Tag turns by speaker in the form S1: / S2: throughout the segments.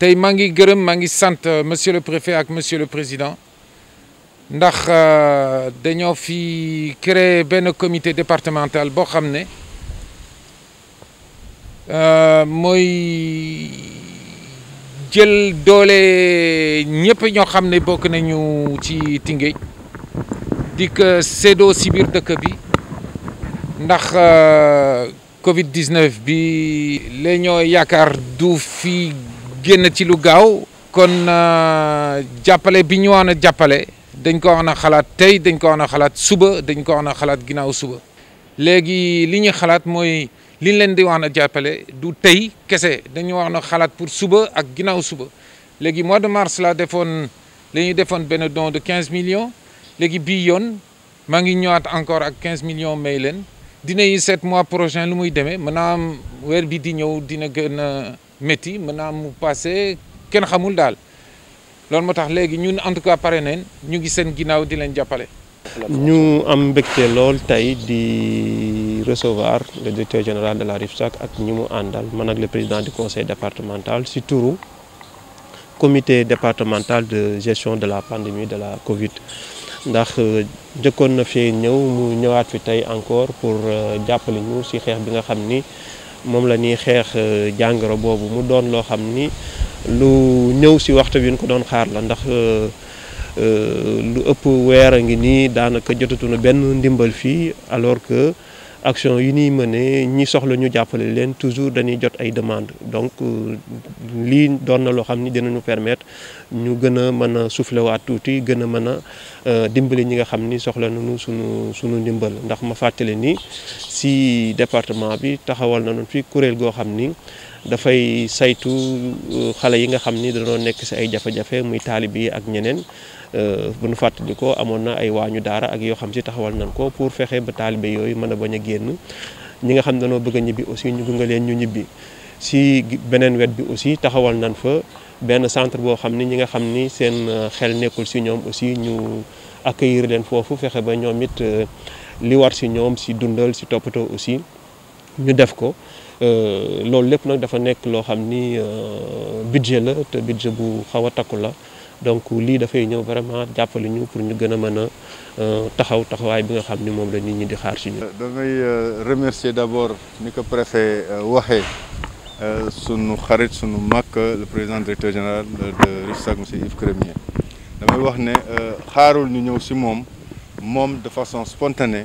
S1: Je Mangi gërëm euh, monsieur le préfet ak monsieur le président ndax nous euh, fi créé comité départemental Nous xamné ne euh, moy jël que ñëpp Covid 19 bi la fi. génn ci lu gaaw kon euh, jàppale bi ñu wax na jàppale dañ ko wax na xalaat tey dañ ko woon a xalaat suba dañ ko woon a xalaat ginnaaw suba léegi li ñuy xalaat mooy li leen di wax na jàppale du tey kese dañu wax na xalaat pour suba ak ginnaaw suba léegi mois de mars la defoon la defoon benn don de 15 millions léegi bii yoon maa ngi ñëwaat encore ak 15 millions may leen dinañu seet mois prochain lu muy demee maanaam weer bi di ñëw dina gën a métti mën naa mu passé ken xamul dal lool motax légui ñun en tout cas paré neen ñu gi seen ginaaw di leen jappalé
S2: ñu am mbégte lool tay di recevoir le directeur général de la RIFSAC ak ñi mu àndal man ak le président du conseil départemental ci tourou comité départemental de gestion de la pandémie de la Covid. ndax euh, njëkkoon na fee ñëw mu ñëwaat fi tey encore pour euh, jàppale ñu si xeex bi nga xam ni. moom la ñuy xeex euh, jàngoro boobu mu doon loo xam ni lu ñëw si waxtu bi ñu ko doon xaar la ndax euh, euh, lu ëpp weer a ngi nii daanaka jotatu jotatuna benn ndimbal fii alors que action yi ñuy mëne ñi soxla ñu jàppale leen toujours dañuy jot ay demande donc euh, lii doon na loo xam ni dinañu permettre ñu gën a mën a soufflewaat tuuti gën a mën a euh, dimbali ñi nga xam ni soxla nañu suñu sunu ndimbal ndax ma fàttali nii si département bi taxawal nañu fii kuréel goo xam ni fay saytu euh, xalé yi nga xamni da do nek ci ay jafe-jafe muy taalib yi ak ñeneen euh, bu nu fàttali ko na ay wañu daara ak yo xam ci taxawal nañ ko pour fexé ba taalibe yooyu mën a bañ ñi nga xam dañoo bëgg ñibi aussi ñu gunge leen ñu ñibi si benen wet bi aussi taxawal nañ fa benn centre bo xamni ñi nga xamni seen euh, xel nekkul ci ñom aussi ñu accueillir leen fofu fexé ba ñom it li war si ñom si dundal si topato aussi ñu def ko Euh, loolu lépp nag dafa nekk loo xam ni euh, budget la te budget bu xaw a takku la donc lii dafay ñëw vraiment jàppale ñu pour ñu gën a mën a euh, taxaw taxawaay bi nga xam ni moom la nit ñi di xaar si ñu.
S3: damay remercier d'abord ni ko préfet waxee sunu xarit sunu mag le président directeur général de RIFSAC monsieur Yves Crémier damay wax ne xaarul ñu ñëw si moom moom de façon spontanée.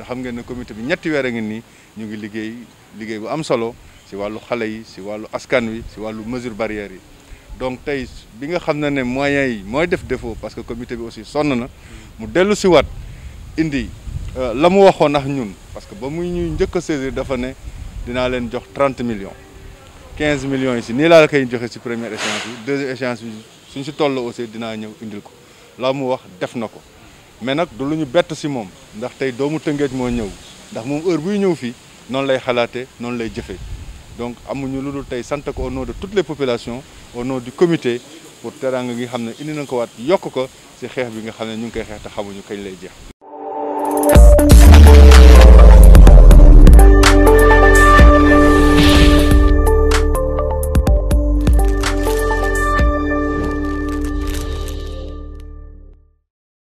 S3: te xam ngeen ne comité bi ñetti weer a ngi nii ñu ngi liggéey liggéey bu am solo ci wàllu xale yi si wàllu askan wi si wàllu mesure barrière yi donc tey bi nga xam ne ne moyens yi mooy def défaut parce que comité bi aussi sonn na mu dellu si waat indi euh, la mu waxoon ak ñun parce que ba mu ñuy njëkk a saisir dafa ne dinaa leen jox 30 million quinze millions yi si nii laa la koy joxe si première échéance bi deuxième échéance bi suñ si toll aussi dinaa ñëw indil ko la mu wax def na ko mais nak du luñu ñu bett si moom ndax tay doomu tëngeej mo ñew ndax mom heure buy ñew fi non lay xalaté non lay jëfé donc amuñu lu dul tey sant ko au nom de toutes les populations au nom du comité pour teranga gi xam indi na ko wat yokk ko si xeex bi nga xam ñu ngi koy xeex te xamuñu kañ lay jëf